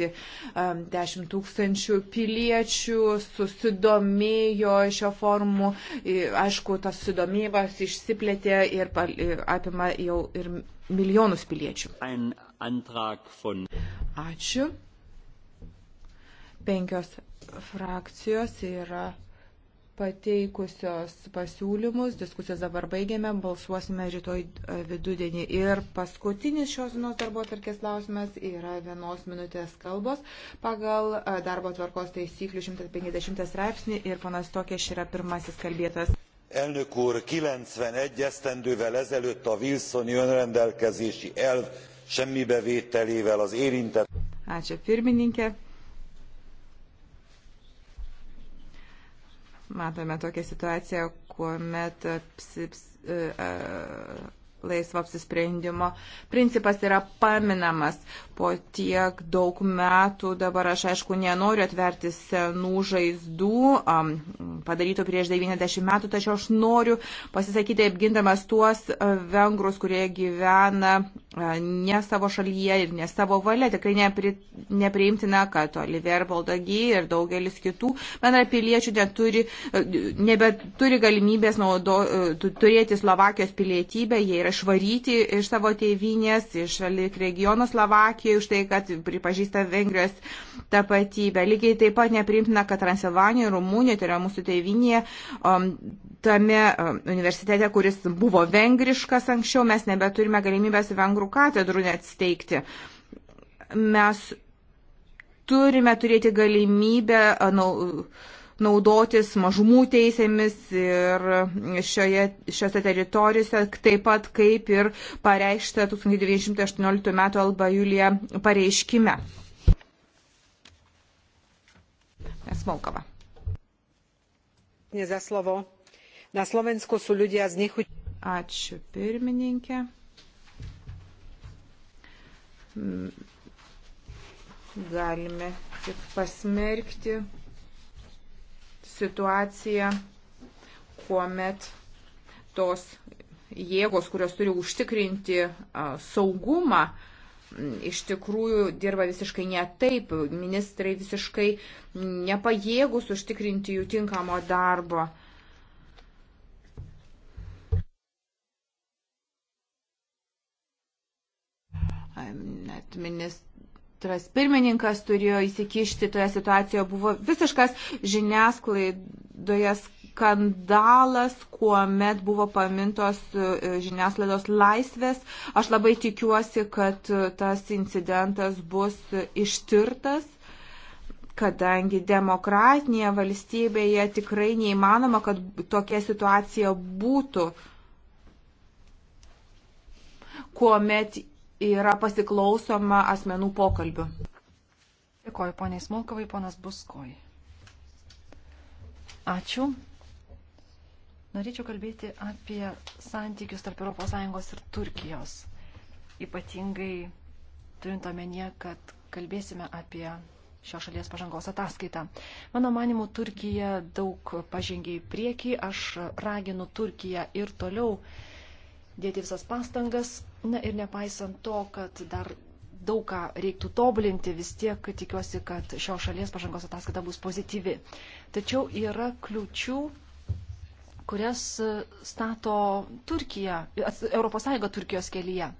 rasti. Dešimt tūkstančių piliečių susidomėjo šio formų. Aišku, tas susidomėjimas išsiplėtė ir apima jau ir milijonus piliečių. Ačiū. Penkios frakcijos yra pateikusios pasiūlymus, diskusijas dabar baigėme, balsuosime rytoj e, vidudienį. Ir paskutinis šios dienos darbo atvarkės klausimas yra vienos minutės kalbos pagal e, darbo tvarkos taisyklių 150 straipsnį ir panas Tokėš yra pirmasis kalbėtas. Elnök úr, 91 esztendővel ezelőtt a Wilsoni önrendelkezési elv semmibevételével az érintett. Ačiū pirmininkė. Matome tokią situaciją, kuomet apsips, e, laisvo apsisprendimo principas yra paminamas. Po tiek daug metų dabar aš aišku nenoriu atverti senų žaizdų um, padarytų prieš 90 metų, tačiau aš noriu pasisakyti apgindamas tuos e, vengrus, kurie gyvena e, ne savo šalyje ir ne savo valia. Tikrai nepri, nepriimtina, kad Oliver Baldagy ir daugelis kitų bendrapiliečių neturi, e, nebeturi galimybės naudo, turėti Slovakijos pilietybę, jie yra išvaryti iš savo tėvynės, iš regiono Slovakijoje, už tai, kad pripažįsta Vengrijos tapatybę. Lygiai taip pat neprimtina, kad Transilvanijoje, Rumunijoje, tai yra mūsų tėvynėje, um, tame um, universitete, kuris buvo vengriškas anksčiau, mes nebeturime galimybės vengrų katedrų net steigti. Mes turime turėti galimybę. Uh, Na, naudotis mažumų teisėmis ir šioje, šiose teritorijose, taip pat kaip ir pareikšta 1918 m. Alba Julija pareiškime. Smolkova. Za slovo. Na Slovensku sú ľudia znechutení. Ačiū pirmininkė. Galime tik pasmerkti situacija, kuomet tos jėgos, kurios turi užtikrinti saugumą, iš tikrųjų dirba visiškai ne taip, ministrai visiškai nepajėgus užtikrinti jų tinkamo darbo. Net ministrai ministras pirmininkas turėjo įsikišti toje situacijoje, buvo visiškas žiniasklaidoje skandalas, kuomet buvo pamintos e, žiniasklaidos laisvės. Aš labai tikiuosi, kad e, tas incidentas bus ištirtas kadangi demokratinėje valstybėje tikrai neįmanoma, kad tokia situacija būtų, kuomet yra pasiklausoma asmenų pokalbių. Dėkoju poniai Smolkovai, ponas Buskoj. Ačiū. Norėčiau kalbėti apie santykius tarp ES ir Turkijos. Ypatingai turint omenyje, kad kalbėsime apie šios šalies pažangos ataskaitą. Mano manimu, Turkija daug pažengė į priekį. Aš raginu Turkiją ir toliau dėti visas pastangas, Na ir nepaisant to, kad dar daug ką reiktų tobulinti, vis tiek tikiuosi, kad šios šalies pažangos ataskaita bus pozityvi. Tačiau yra kliučių, kurias stato Turkija, ES Turkijos kelyje.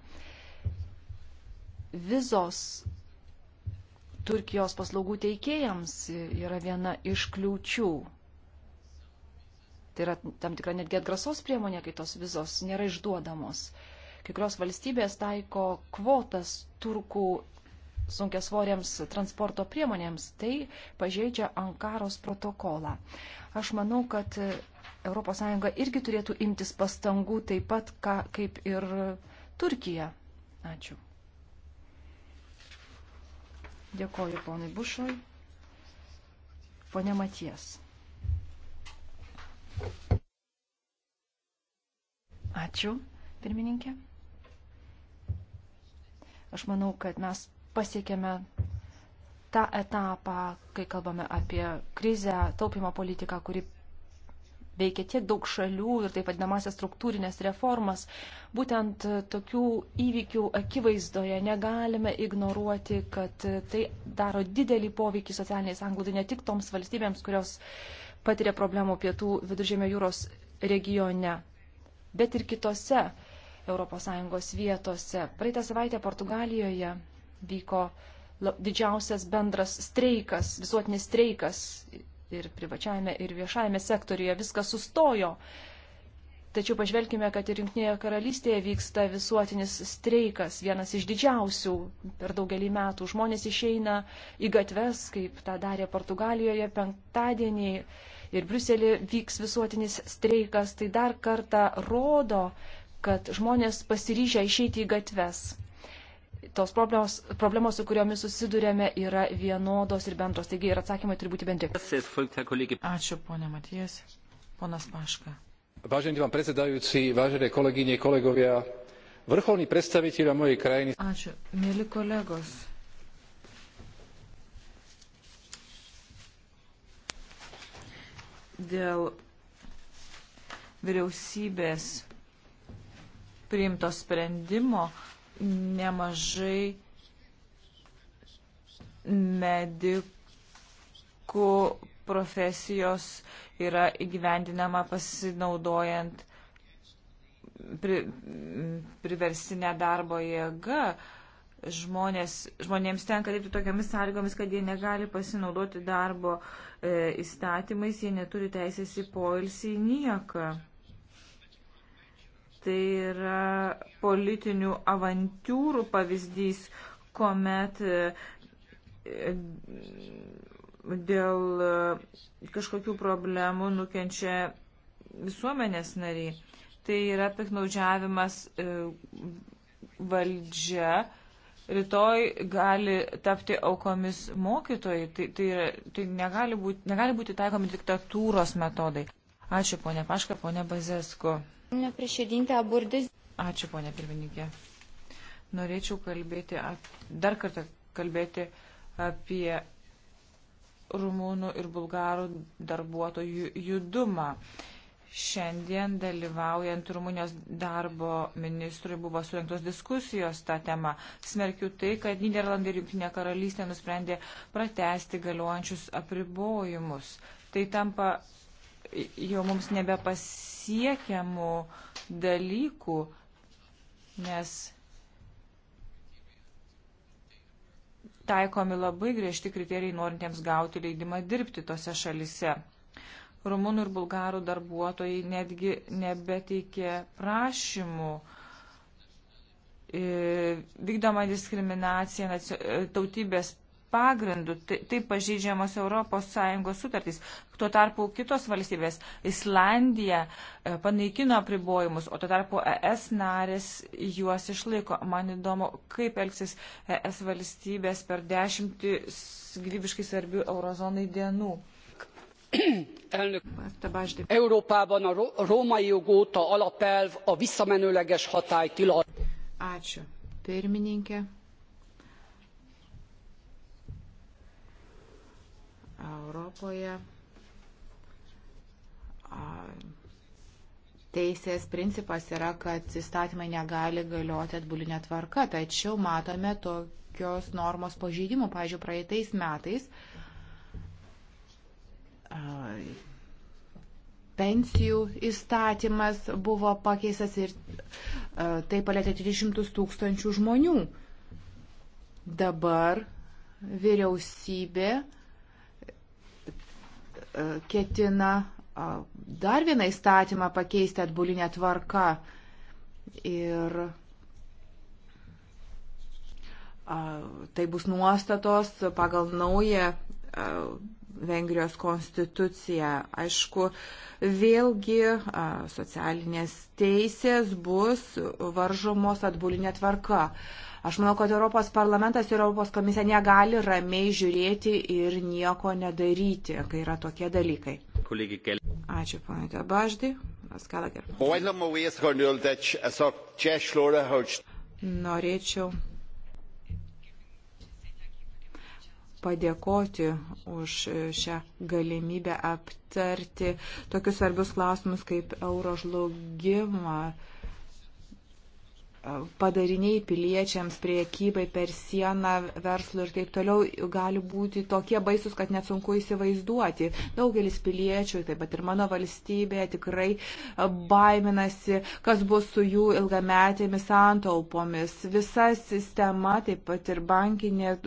Vizos Turkijos paslaugų teikėjams yra viena iš kliūčių. Tai yra tam tikra netgi atgrasos priemonė, kai tos vizos nėra išduodamos. Uh, Kai kurios valstybės taiko kvotas turkų sunkiasvoriams transporto priemonėms, tai pažeidžia Ankaros protokolą. Aš manau, kad ES irgi turėtų imtis pastangų taip pat, ką, kaip ir Turkija. Ačiū. Dėkoju ponui Bušoj. Pone Maties. Ačiū, pirmininkė. Aš manau, kad mes pasiekėme tą etapą, kai kalbame apie krizę, taupimo politiką, kuri veikia tiek daug šalių ir taip vadinamasias struktūrinės reformas. Būtent tokių įvykių akivaizdoje negalime ignoruoti, kad tai daro didelį poveikį socialiniai sanglūdai ne tik toms valstybėms, kurios patiria problemų pietų viduržėmio jūros regione, bet ir kitose ES vietose. Praeitą savaitę Portugalijoje vyko didžiausias bendras streikas, visuotinis streikas ir privačiajame, ir viešajame sektoriuje viskas sustojo. Tačiau pažvelkime, kad ir Junktinėje karalystėje vyksta visuotinis streikas, vienas iš didžiausių per daugelį metų. Žmonės išeina į gatves, kaip tą darė Portugalijoje penktadienį ir Bruselį vyks visuotinis streikas. Tai dar kartą rodo, kad žmonės pasiryžę išeiti į gatves. Tos problemos, problemos, su kuriomis susidurėme, yra vienodos ir bendros. Taigi ir atsakymai turi būti bendri. Ačiū, ponė Matijas. Ponas Paška. Vážený pán predsedajúci, vážené kolegyne, kolegovia, vrcholní predstaviteľa mojej krajiny... Ačiū, mėly kolegos. Dėl vyriausybės priimto sprendimo nemažai medikų profesijos yra įgyvendinama pasinaudojant pri, priversinę darbo jėgą. Žmonės, žmonėms tenka dirbti tokiamis sąlygomis, kad jie negali pasinaudoti darbo e, įstatymais, jie neturi teisės į poilsį į nieką. Tai yra politinių avantūrų pavyzdys, kuomet e, dėl e, kažkokių problemų nukenčia visuomenės nariai. Tai yra piknaudžiavimas e, valdžia. Rytoj gali tapti aukomis mokytojai. Tai, tai, yra, tai negali, būti, negali būti taikomi diktatūros metodai. Ačiū, ponė Paška, ponė Bazesko. Ačiū, ponė pirmininkė. Norėčiau kalbėti, dar kartą kalbėti apie rumūnų ir bulgarų darbuotojų judumą. Šiandien dalyvaujant Rumunijos darbo ministrui buvo surinktos diskusijos tą temą. Smerkiu tai, kad Niderlandai ir Junktinė karalystė nusprendė pratesti galiojančius apribojimus. Tai tampa jau mums nebepasiekiamas pasiekiamų dalykų, nes taikomi labai griežti kriterijai norintiems gauti leidimą dirbti tose šalise. Rumunų ir bulgarų darbuotojai netgi nebeteikė prašymų. E, vykdoma diskriminacija e, tautybės pagrindu, taip tai pažydžiamos ES sutartys. Tuo tarpu kitos valstybės, Islandija, e, panaikino apribojimus, o tuo tarpu ES narės juos išlaiko. Man įdomu, kaip elgsis ES valstybės per dešimtį gyvybiškai svarbių eurozonai dienų. Európában a római jog óta alapelv a visszamenőleges hatály tilalma. Ačiū. Pirmininkė. Europoje teisės principas yra, kad įstatymai negali galioti atbulinė tvarka, tačiau matome tokios normos pažeidimų. Pavyzdžiui, praeitais metais pensijų įstatymas buvo pakeistas ir tai palėtė 300 tūkstančių žmonių. Dabar vyriausybė E, ketina dar vieną įstatymą pakeisti atbulinę tvarką. Ir tai bus nuostatos pagal naują Vengrijos konstituciją. Aišku, vėlgi socialinės teisės bus varžomos atbulinė tvarka. Aš manau, kad Europos parlamentas ir Europos komisija negali ramiai žiūrėti ir nieko nedaryti, kai yra tokie dalykai. Ačiū, ponai Tabaždį. Norėčiau padėkoti už šią galimybę aptarti tokius svarbius klausimus kaip euro žlugimą padariniai piliečiams, priekybai per sieną, verslui ir taip toliau gali būti tokie baisus, kad net sunku įsivaizduoti. Daugelis piliečių, taip pat ir mano valstybėje, tikrai baiminasi, kas bus su jų ilgametėmis santaupomis. Visa sistema, taip pat ir bankinė,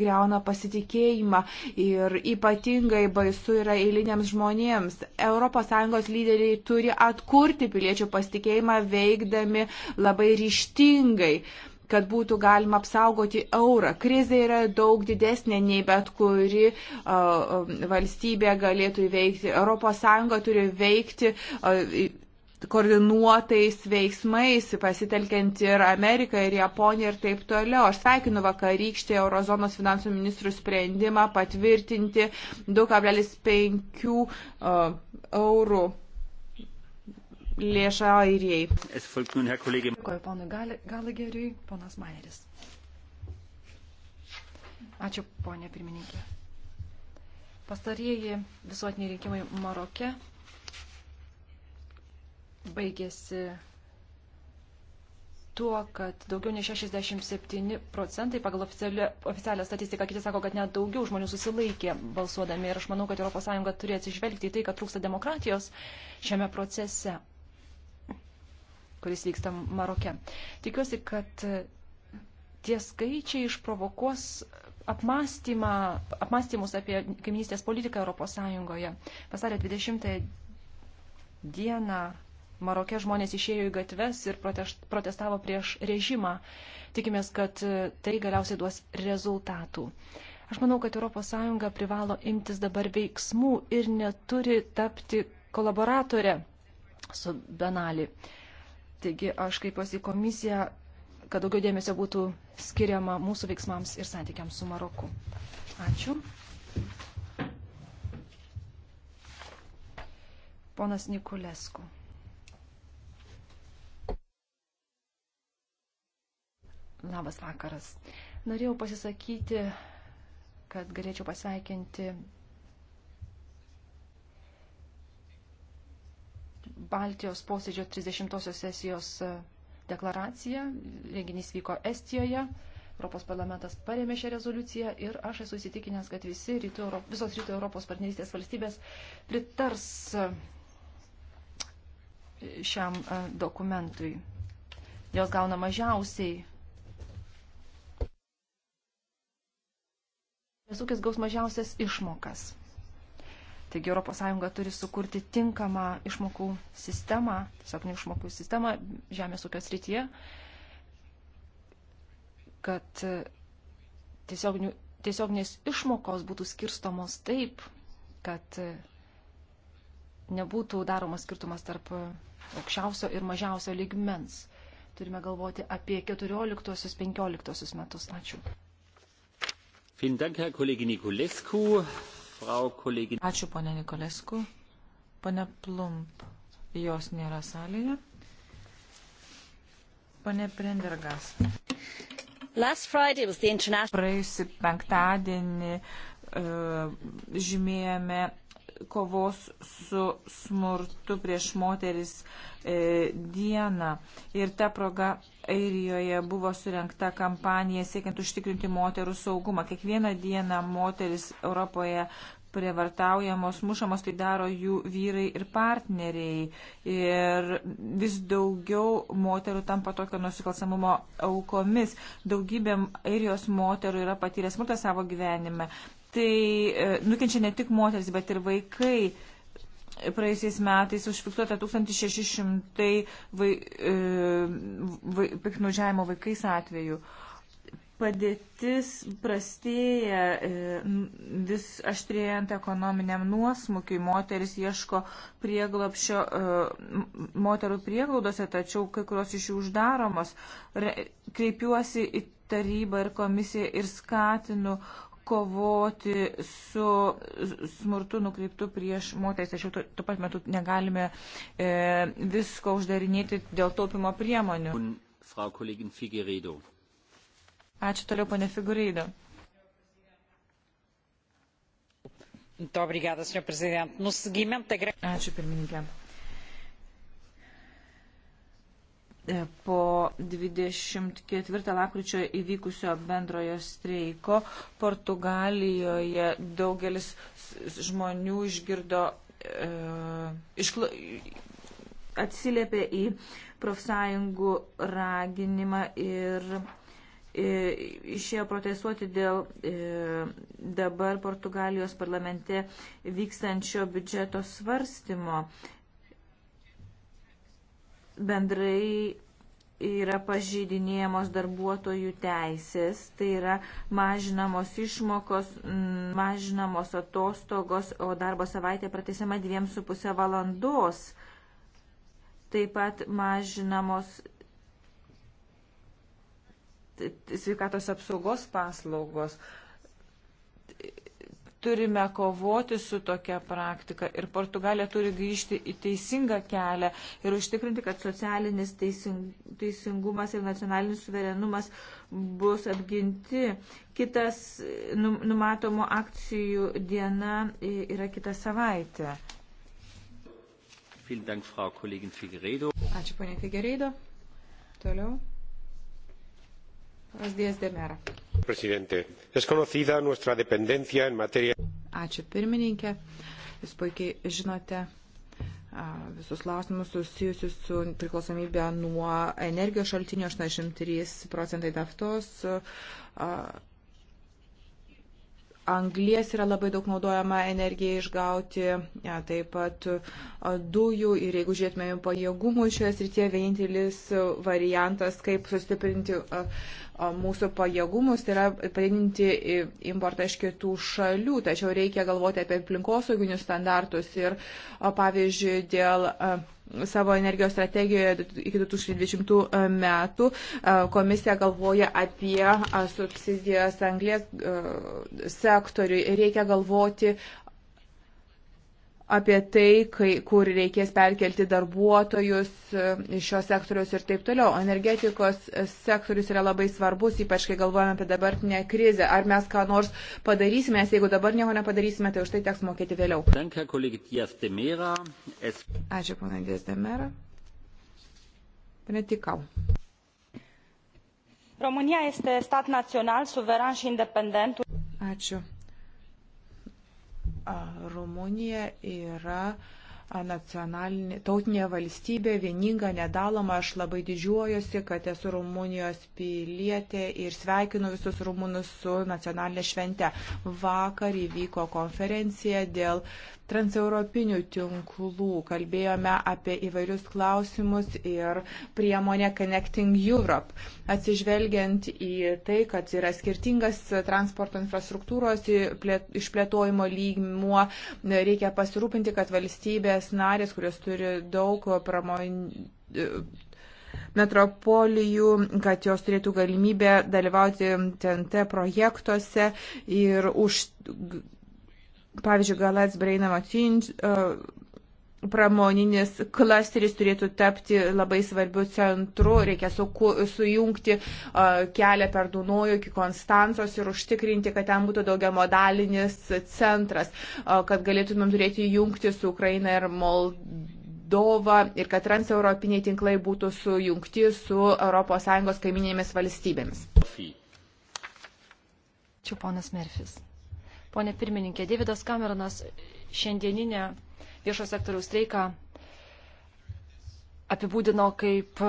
greuna pasitikėjimą ir ypatingai baisu yra eiliniams žmonėms. ES lyderiai turi atkurti piliečių pasitikėjimą veikdami labai ryšiai ryštingai kad būtų galima apsaugoti eurą. Krizė yra daug didesnė nei bet kuri uh, valstybė galėtų įveikti. ES turi veikti. Uh, koordinuotais veiksmais, pasitelkiant ir Ameriką, ir Japoniją ir taip toliau. Aš sveikinu vakarykštį Eurozonos finansų ministrų sprendimą patvirtinti 2,5 uh, eurų lėšą airijai. Dėkuoju ponui Galageriui, ponas Maieris. Ačiū, ponė pirmininkė. Pastarieji visuotiniai rinkimai Maroke baigėsi tuo, kad daugiau nei 67 procentai pagal oficialią, oficialią statistiką, kiti sako, kad net daugiau žmonių susilaikė balsuodami ir aš manau, kad ES turi atsižvelgti į tai, kad trūksta demokratijos šiame procese kuris vyksta Maroke. Tikiuosi, kad tie skaičiai išprovokuos apmąstymus apie kaiminystės politiką ES. Vasario 20 dieną Marokė žmonės išėjo į gatves ir protestavo prieš režimą. Tikimės, kad tai galiausiai duos rezultatų. Aš manau, kad ES privalo imtis dabar veiksmų ir neturi tapti kolaboratorė su Benali. Uh, Taigi aš kreipiuosi į komisiją, kad daugiau dėmesio būtų skiriama mūsų veiksmams ir santykiams su Maroku. Ačiū. Ponas Nikulesku. Labas vakaras. Norėjau pasisakyti, kad galėčiau pasveikinti Baltijos posėdžio 30-osios sesijos e, deklaraciją. Renginys vyko Estijoje. Europos parlamentas paremė šią rezoliuciją ir aš esu įsitikinęs, kad visi rytų Euro, visos rytų Europos partnerystės valstybės pritars e, šiam e, dokumentui. Jos gauna mažiausiai. Nes ūkis gaus mažiausias išmokas. Taigi ES turi sukurti tinkamą išmokų sistemą, tiesiog ne išmokų sistemą žemės ūkio srityje, kad tiesioginės tiesiog išmokos būtų skirstomos taip, kad nebūtų daromas skirtumas tarp aukščiausio ir mažiausio lygmens. Turime galvoti apie 14-15 metus. Ačiū. Vielen Dank, Herr Kollege Nikolescu. Ačiū, ponė Nikolesku. Pane Plump, jos nėra salėje. Pane Prendergas. Praėjusį penktadienį uh, žymėjome kovos su smurtu prieš moteris e, dieną. Ir ta proga Airijoje buvo surinkta kampanija siekiant užtikrinti moterų saugumą. Kiekvieną dieną moteris Europoje prievartaujamos, mušamos, tai daro jų vyrai ir partneriai. Ir vis daugiau moterų tampa tokio nusikalstamumo aukomis. Daugybė airijos moterų yra patyrę smurtą savo gyvenime tai e, nukenčia ne tik moteris, bet ir vaikai. Praėjusiais metais užfiksuota 1600 vai, e, vai, piknaudžiavimo vaikais atveju. Padėtis prastėja, e, vis aštrėjant ekonominiam nuosmukiui, moteris ieško prieglopšio moterų prieglaudose, tačiau kai kurios iš jų uždaromos. Kreipiuosi į tarybą ir komisiją ir skatinu kovoti su smurtu nukreiptu prieš moteris, tačiau tuo pat metu negalime e, visko uždarinėti dėl taupimo priemonių. Ačiū toliau, ponė Figureido. Ačiū, pirmininkė. E, po 24 lakryčio įvykusio bendrojo streiko Portugalijoje daugelis žmonių išgirdo, e, išklo, atsiliepė į profsąjungų raginimą ir e, išėjo protestuoti dėl e, dabar Portugalijos parlamente vykstančio biudžeto svarstymo. E, bendrai yra pažydinėjamos darbuotojų teisės, tai yra mažinamos išmokos, mažinamos atostogos, o darbo savaitė pratesiama dviem su pusę valandos. Taip pat mažinamos sveikatos apsaugos paslaugos turime kovoti su tokia praktika ir Portugalija turi grįžti į teisingą kelią ir užtikrinti, kad socialinis teisingumas ir nacionalinis suverenumas bus apginti. Kitas nu, numatomo akcijų diena yra kita savaitė. Ačiū, ponė Figereido. Toliau. Ačiū pirmininkė. Jūs puikiai žinote visus klausimus susijusius su priklausomybė nuo energijos šaltinio 83 procentai naftos. A, Anglies yra labai daug naudojama energijai išgauti, ja, taip pat dujų ir jeigu žiūrėtumėm pajėgumų šioje srityje, vienintelis variantas, kaip sustiprinti mūsų pajėgumus, tai yra padidinti importą iš kitų šalių, tačiau reikia galvoti apie aplinkosauginius standartus ir, pavyzdžiui, dėl savo energijos strategijoje iki 2020 e, metų e, komisija galvoja apie subsidijas anglės e, sektoriui. Reikia galvoti apie tai, kai, kur reikės perkelti darbuotojus e, iš šio sektoriaus ir taip toliau. Energetikos sektorius yra labai svarbus, ypač kai galvojame apie dabartinę krizę. Ar mes ką nors padarysime, nes jeigu dabar nieko nepadarysime, tai už tai teks mokėti vėliau. Ačiū, ponai Diezdemera. Pane Tikau. România este stat național, suveran și independent. Ačiū. Rumunija yra nacionalinė, tautinė valstybė, vieninga, nedaloma. Aš labai didžiuojuosi, kad esu Rumunijos pilietė ir sveikinu visus rumūnus su nacionalinė švente. Vakar įvyko konferencija dėl transeuropinių tinklų. Kalbėjome apie įvairius klausimus ir priemonę Connecting Europe. Atsižvelgiant į tai, kad yra skirtingas transporto infrastruktūros išplėtojimo lygmuo, reikia pasirūpinti, kad valstybės narės, kurios turi daug pramonių e, metropolijų, kad jos turėtų galimybę dalyvauti TNT projektuose ir už pavyzdžiui, Galats Breina Matinž e, pramoninis klasteris turėtų tapti labai svarbiu centru, reikia su, sujungti uh, kelią per Dunojų iki Konstancos ir užtikrinti, kad ten būtų daugia modalinis centras, uh, kad galėtumėm turėti jungti su Ukraina ir Moldova. Ir kad transeuropiniai tinklai būtų sujungti su ES kaiminėmis valstybėmis. Čia ponas Merfis. Pone pirmininkė, Davidas Cameronas šiandieninę viešo sektoriaus streiką apibūdino kaip,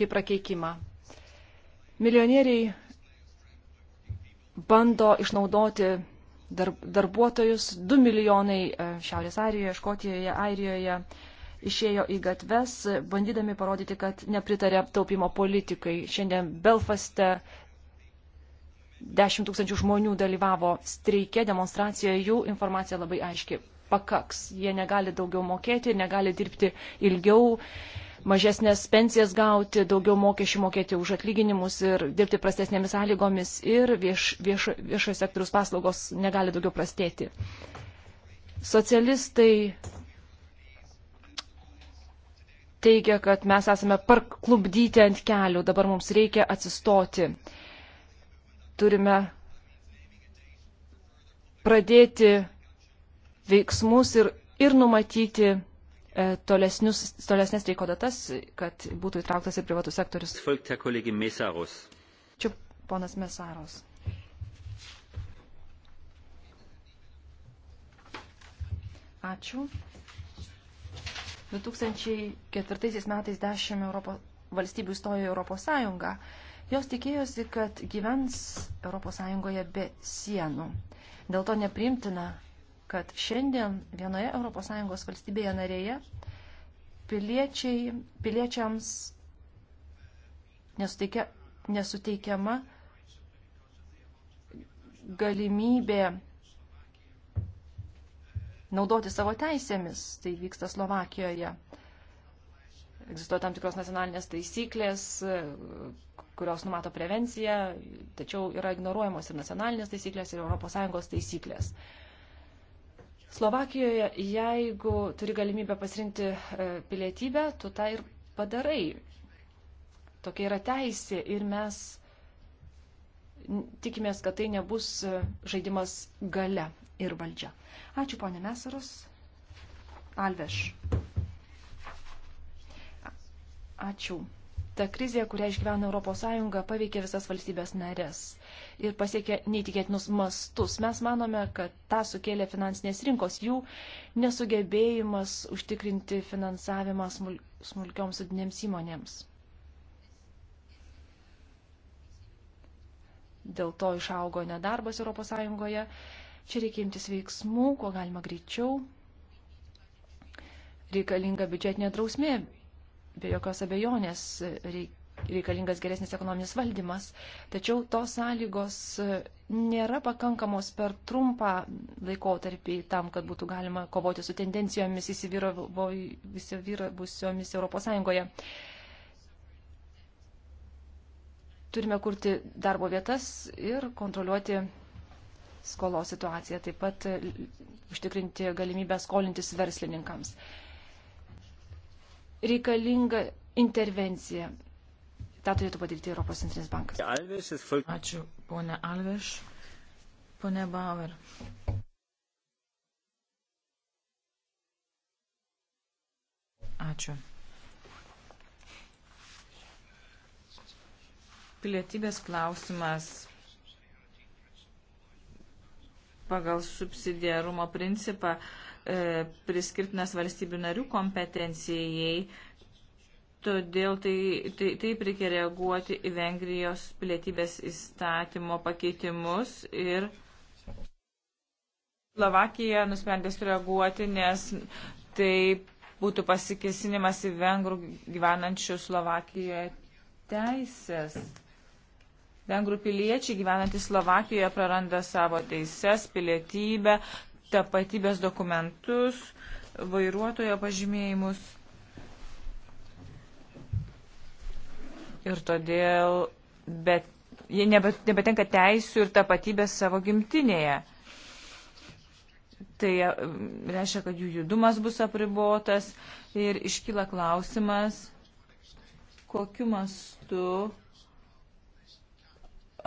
kaip prakeikimą. Milijonieriai bando išnaudoti dar, darbuotojus. 2 milijonai e, Šiaurės Airijoje, Škotijoje, Airijoje išėjo į gatves, bandydami parodyti, kad nepritarė aptaupimo politikai. Šiandien Belfaste 10 tūkstančių žmonių dalyvavo streike, demonstracijoje, jų informacija labai aiški. Pakaks. Jie negali daugiau mokėti, negali dirbti ilgiau, mažesnės pensijas gauti, daugiau mokesčių mokėti už atlyginimus ir dirbti prastesnėmis sąlygomis ir vieš, vieš, viešojo sektoriaus paslaugos negali daugiau prastėti. Socialistai teigia, kad mes esame parklubdyti ant kelių, dabar mums reikia atsistoti. Uh, turime pradėti veiksmus ir, ir numatyti e, tolesnius, tolesnės streiko datas, kad būtų įtrauktas ir privatus sektorius. Čia ponas Mesaros. Ačiū. 2004 metais 10 Europo, valstybių įstojo į Europos Sąjungą Jos tikėjosi, kad gyvens ES be sienų. Dėl to neprimtina, kad šiandien vienoje ES valstybėje narėje piliečiai, piliečiams nesuteikia, nesuteikiama galimybė naudoti savo teisėmis. Tai vyksta Slovakijoje. Egzistuoja tam tikros nacionalinės taisyklės, kurios numato prevenciją, tačiau yra ignoruojamos ir nacionalinės taisyklės, ir ES taisyklės. Slovakijoje, jeigu turi galimybę pasirinkti e, pilietybę, tu tą ir padarai. Tokia yra teisė ir mes tikimės, kad tai nebus e, žaidimas gale ir valdžia. Ačiū, ponė Mesaros. Alveš. Ačiū ta krizė, kurią išgyvena ES, paveikė visas valstybės narės ir pasiekė neįtikėtinus mastus. Mes manome, kad tą sukėlė finansinės rinkos, jų nesugebėjimas užtikrinti finansavimą smulkioms sudinėms įmonėms. Dėl to išaugo nedarbas ES. Čia reikia imtis veiksmų, kuo galima greičiau. Reikalinga biudžetinė drausmė be jokios abejonės reikalingas geresnis ekonominis valdymas, tačiau tos sąlygos e, nėra pakankamos per trumpą laikotarpį tam, kad būtų galima kovoti su tendencijomis įsivyravusiomis Europos Sąjungoje. Turime kurti darbo vietas ir kontroliuoti skolos situaciją, taip pat e, užtikrinti galimybę skolintis verslininkams. Uh, reikalinga intervencija. Ta turėtų padaryti Europos centrinis bankas. Ačiū, ponė Alveš. Pone Bauer. Ačiū. Pilietybės klausimas pagal subsidiarumo principą E, priskirtinas valstybių narių kompetencijai. Todėl tai, tai, taip reikia reaguoti į Vengrijos pilietybės įstatymo pakeitimus ir Slovakija nusprendė sureaguoti, nes tai būtų pasikesinimas į vengrų gyvenančių Slovakijoje teisės. Vengrų piliečiai gyvenantys Slovakijoje praranda savo teises, pilietybę, tapatybės dokumentus, vairuotojo pažymėjimus. Ir todėl bet, jie nebetenka teisų ir tapatybės savo gimtinėje. Tai e, reiškia, kad jų judumas bus apribotas ir iškyla klausimas, kokiu mastu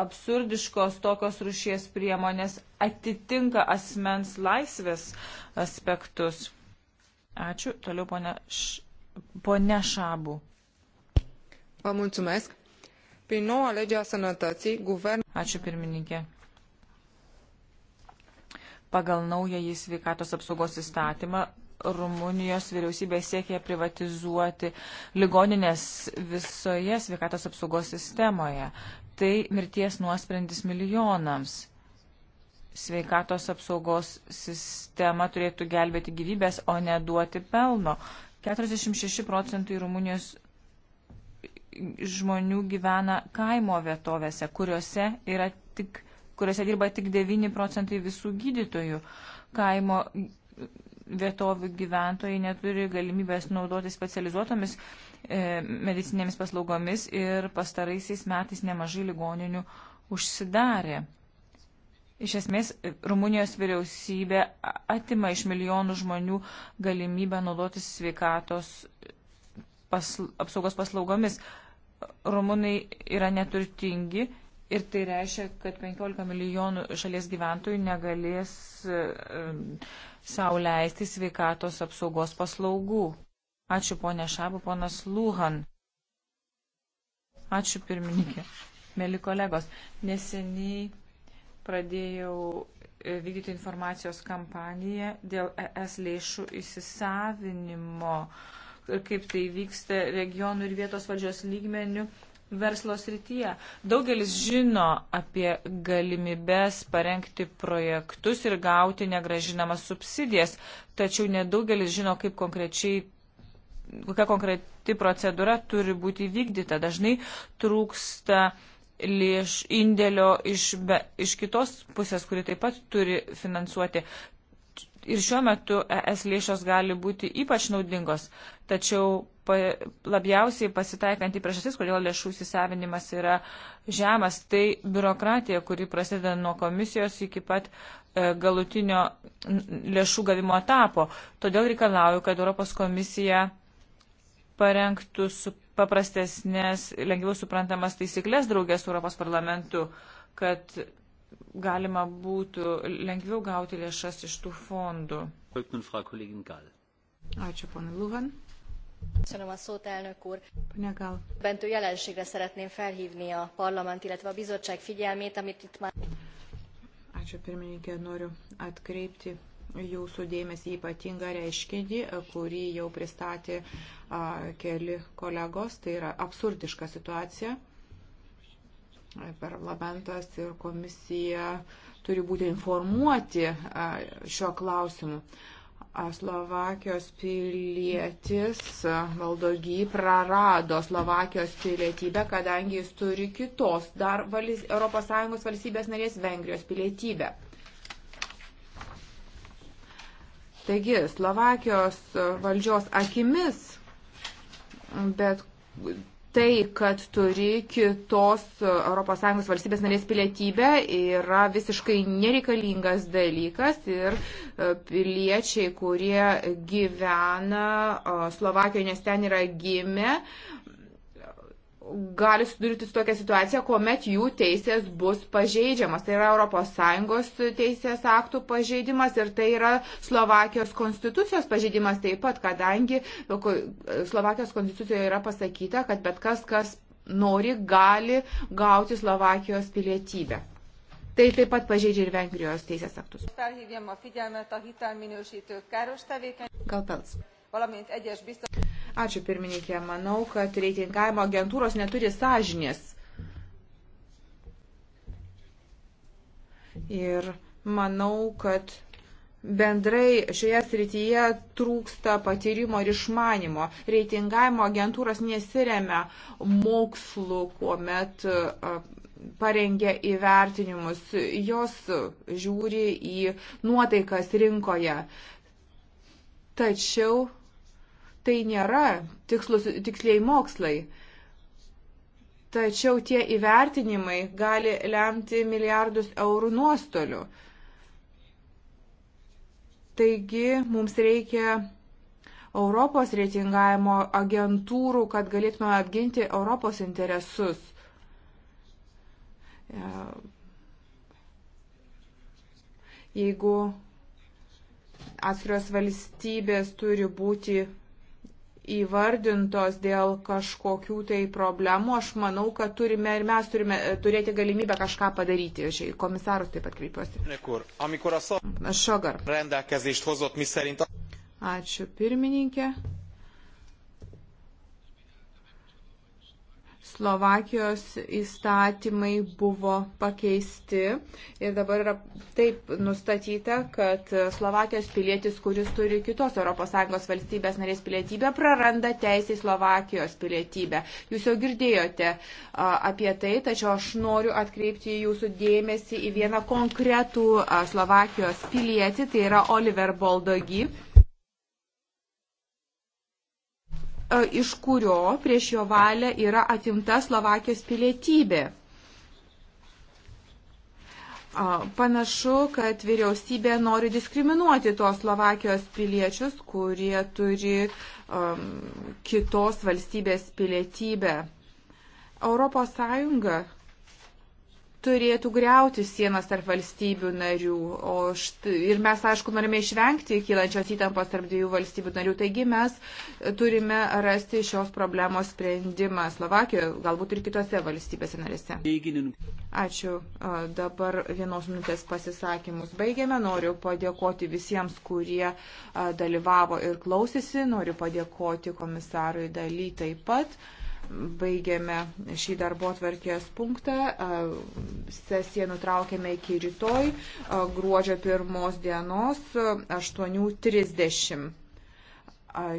absurdiškos tokios rušies priemonės atitinka asmens laisvės aspektus. Ačiū. Toliau ponia, š... ponia Šabu. Vă mulțumesc. Prin noua lege a sănătății, guvernul... Ačiū pirmininkė. Pagal naująjį sveikatos apsaugos įstatymą Rumunijos vyriausybė siekia privatizuoti ligoninės visoje sveikatos apsaugos sistemoje tai mirties nuosprendis milijonams. Sveikatos apsaugos sistema turėtų gelbėti gyvybės, o ne duoti pelno. 46 procentai Rumunijos žmonių gyvena kaimo vietovėse, kuriuose, tik, kuriuose dirba tik 9 procentai visų gydytojų. Kaimo vietovių gyventojai neturi galimybės naudoti specializuotomis E, medicinėmis paslaugomis ir pastaraisiais metais nemažai ligoninių užsidarė. Iš esmės, Rumunijos vyriausybė atima iš milijonų žmonių galimybę naudotis sveikatos pasl apsaugos paslaugomis. Rumunai yra neturtingi ir tai reiškia, kad 15 milijonų šalies gyventojų negalės e, sauliaisti sveikatos apsaugos paslaugų. Ačiū ponė Šabu, ponas Lūhan. Ačiū pirmininkė. Mėly kolegos, neseniai pradėjau e, vykdyti informacijos kampaniją dėl ES lėšų įsisavinimo ir kaip tai vyksta regionų ir vietos valdžios lygmenių verslo srityje. Daugelis žino apie galimybės parengti projektus ir gauti negražinamas subsidijas, tačiau nedaugelis žino, kaip konkrečiai kokia konkreti procedūra turi būti vykdyta. Dažnai trūksta lėš indėlio iš, be, iš kitos pusės, kuri taip pat turi finansuoti. Ir šiuo metu ES lėšos gali būti ypač naudingos, tačiau pa, labiausiai pasitaikanti priežastis, kodėl lėšų įsisavinimas yra žemas, tai biurokratija, kuri prasideda nuo komisijos iki pat e, galutinio lėšų gavimo etapo. Todėl reikalauju, kad Europos komisija parengtų su paprastesnės, lengviau suprantamas taisyklės draugės su Europos parlamentu, kad galima būtų lengviau gauti lėšas iš tų fondų. Ačiū, pana Luhan. Köszönöm a szót, elnök úr. Panegal. Bentő jelenségre szeretném felhívni a parlament, illetve a bizottság figyelmét, amit itt már... Ačiū, pirmininkė, noriu atkreipti jūsų dėmesį ypatingą reiškinį, kurį jau pristatė keli kolegos. Tai yra absurdiška situacija. Parlamentas ir komisija turi būti informuoti šiuo klausimu. Slovakijos pilietis valdogy prarado Slovakijos pilietybę, kadangi jis turi kitos dar ES valstybės narės Vengrijos pilietybę. Taigi, Slovakijos valdžios akimis, bet tai, kad turi kitos ES valstybės narės pilietybę, yra visiškai nereikalingas dalykas ir e, piliečiai, kurie gyvena e, Slovakijoje, nes ten yra gimę, gali sudurti su tokia situacija, kuomet jų teisės bus pažeidžiamas. Tai yra ES teisės aktų pažeidimas ir tai yra Slovakijos konstitucijos pažeidimas taip pat, kadangi Slovakijos konstitucijoje yra pasakyta, kad bet kas, kas nori, gali gauti Slovakijos pilietybę. Tai taip pat pažeidžia ir Vengrijos teisės aktus. Gal pels. Ačiū pirmininkė. Manau, kad reitingavimo agentūros neturi sąžinės. Ir manau, kad bendrai šioje srityje trūksta patyrimo ir išmanimo. Reitingavimo agentūros nesiremia mokslu, kuomet parengia įvertinimus. Jos žiūri į nuotaikas rinkoje. Tačiau tai nėra tikslus, tiksliai mokslai. Tačiau tie įvertinimai gali lemti milijardus eurų nuostolių. Taigi mums reikia Europos reitingavimo agentūrų, kad galėtume apginti Europos interesus. Jeigu atskiros valstybės turi būti įvardintos dėl kažkokių tai problemų, aš manau, kad turime ir mes turime e, turėti galimybę kažką padaryti. Aš į komisarus taip pat kreipiuosi. Šogar. Ačiū pirmininkė. Slovakijos įstatymai buvo pakeisti ir dabar yra taip nustatyta, kad Slovakijos pilietis, kuris turi kitos ES valstybės narės pilietybę, praranda teisę į Slovakijos pilietybę. Jūs jau girdėjote a, apie tai, tačiau aš noriu atkreipti jūsų dėmesį į vieną konkretų a, Slovakijos pilietį, tai yra Oliver Boldogi E, iš kurio prieš jo valią yra atimta Slovakijos pilietybė. Panašu, kad vyriausybė nori diskriminuoti tos Slovakijos piliečius, kurie turi um, kitos valstybės pilietybę. Europos Sąjunga turėtų greuti sienas tarp valstybių narių. O št, ir mes, aišku, norime išvengti kylančios įtampos tarp dviejų valstybių narių. Taigi mes turime rasti šios problemos sprendimą Slovakijoje, galbūt ir kitose valstybėse narėse. Ačiū. Dabar vienos minutės pasisakymus baigėme. Noriu padėkoti visiems, kurie dalyvavo ir klausėsi. Noriu padėkoti komisarui daly taip pat. Baigiame šį darbo atvarkės punktą. Sesiją nutraukėme iki rytoj, gruodžio pirmos dienos 8.30.